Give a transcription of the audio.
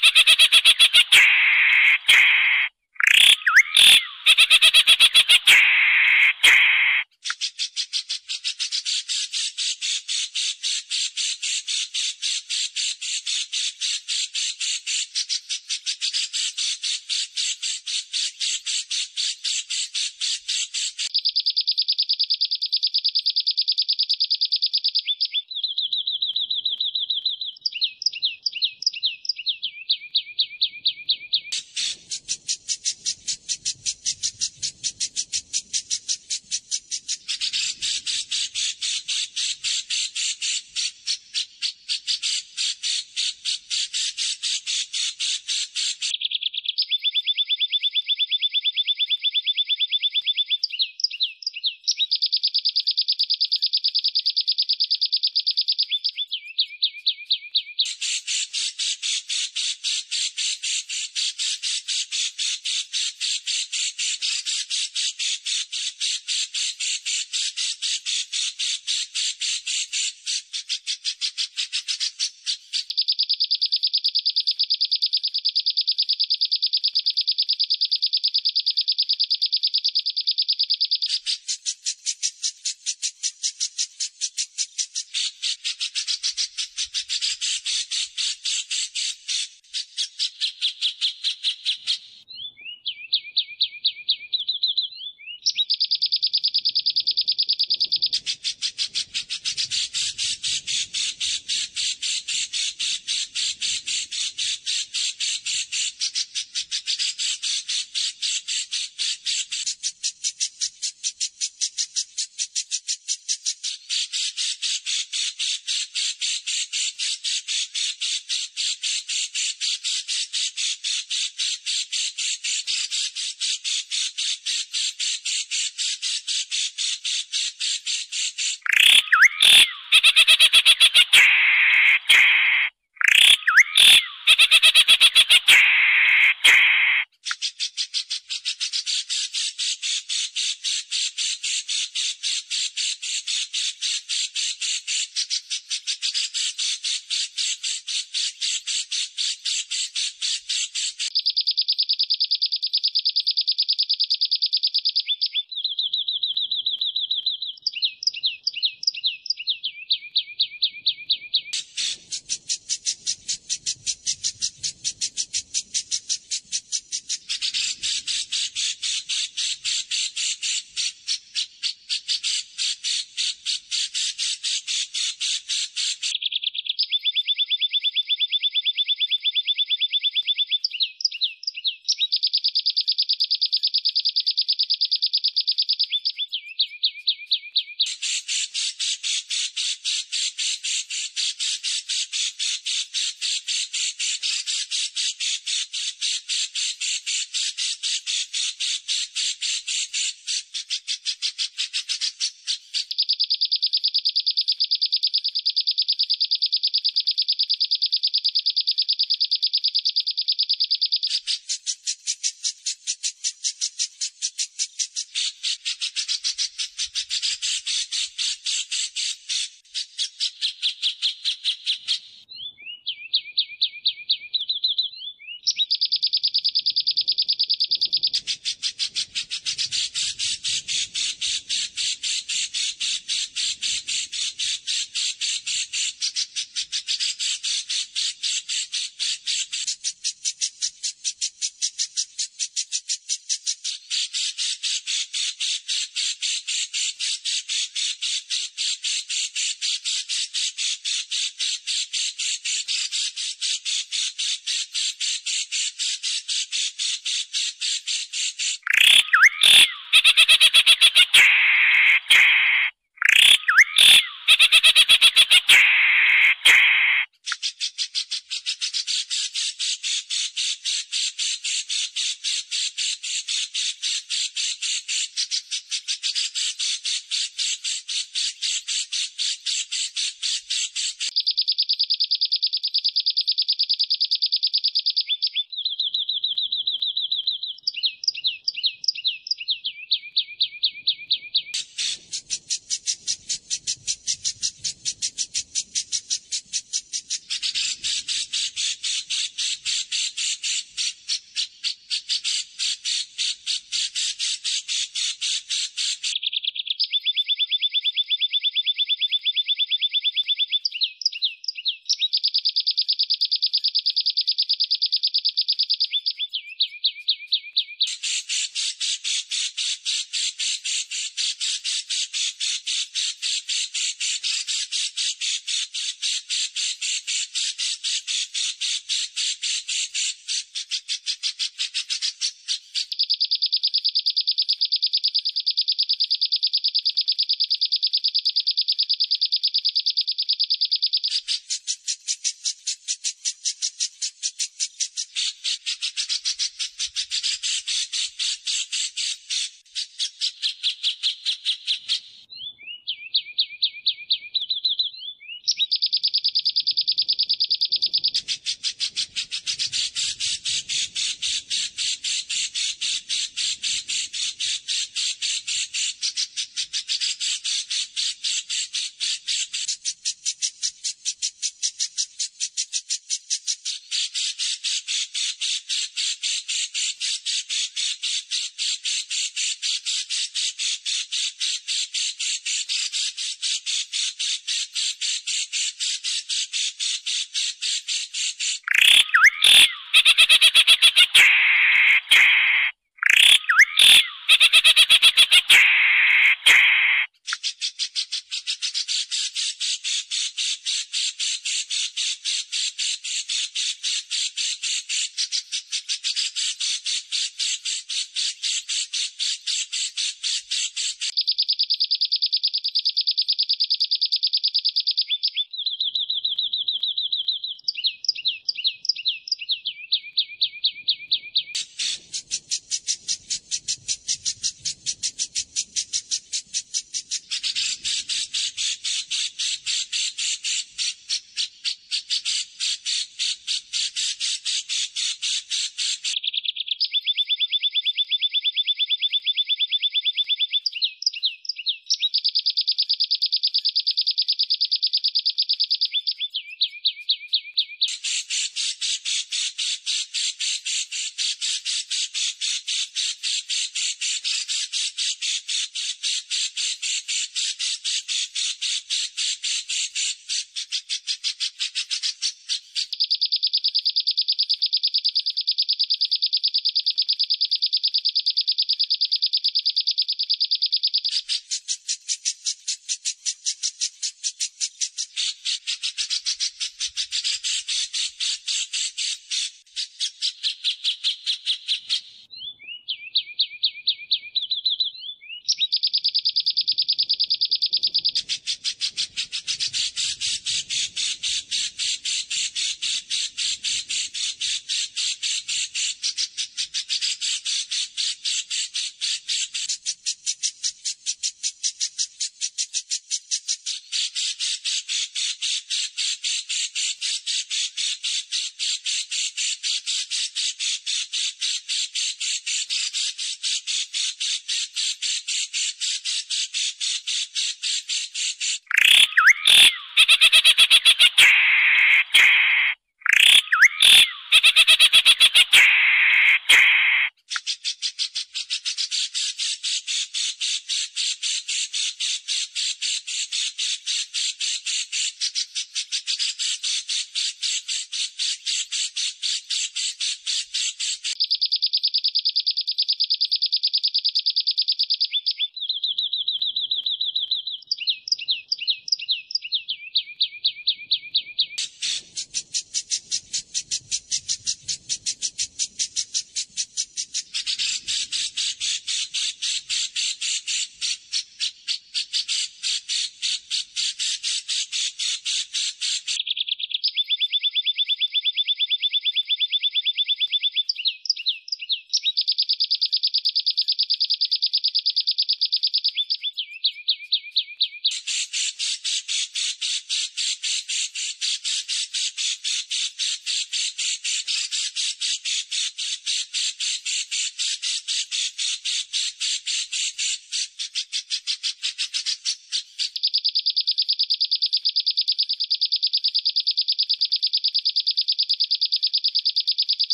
Ha ha ha ha!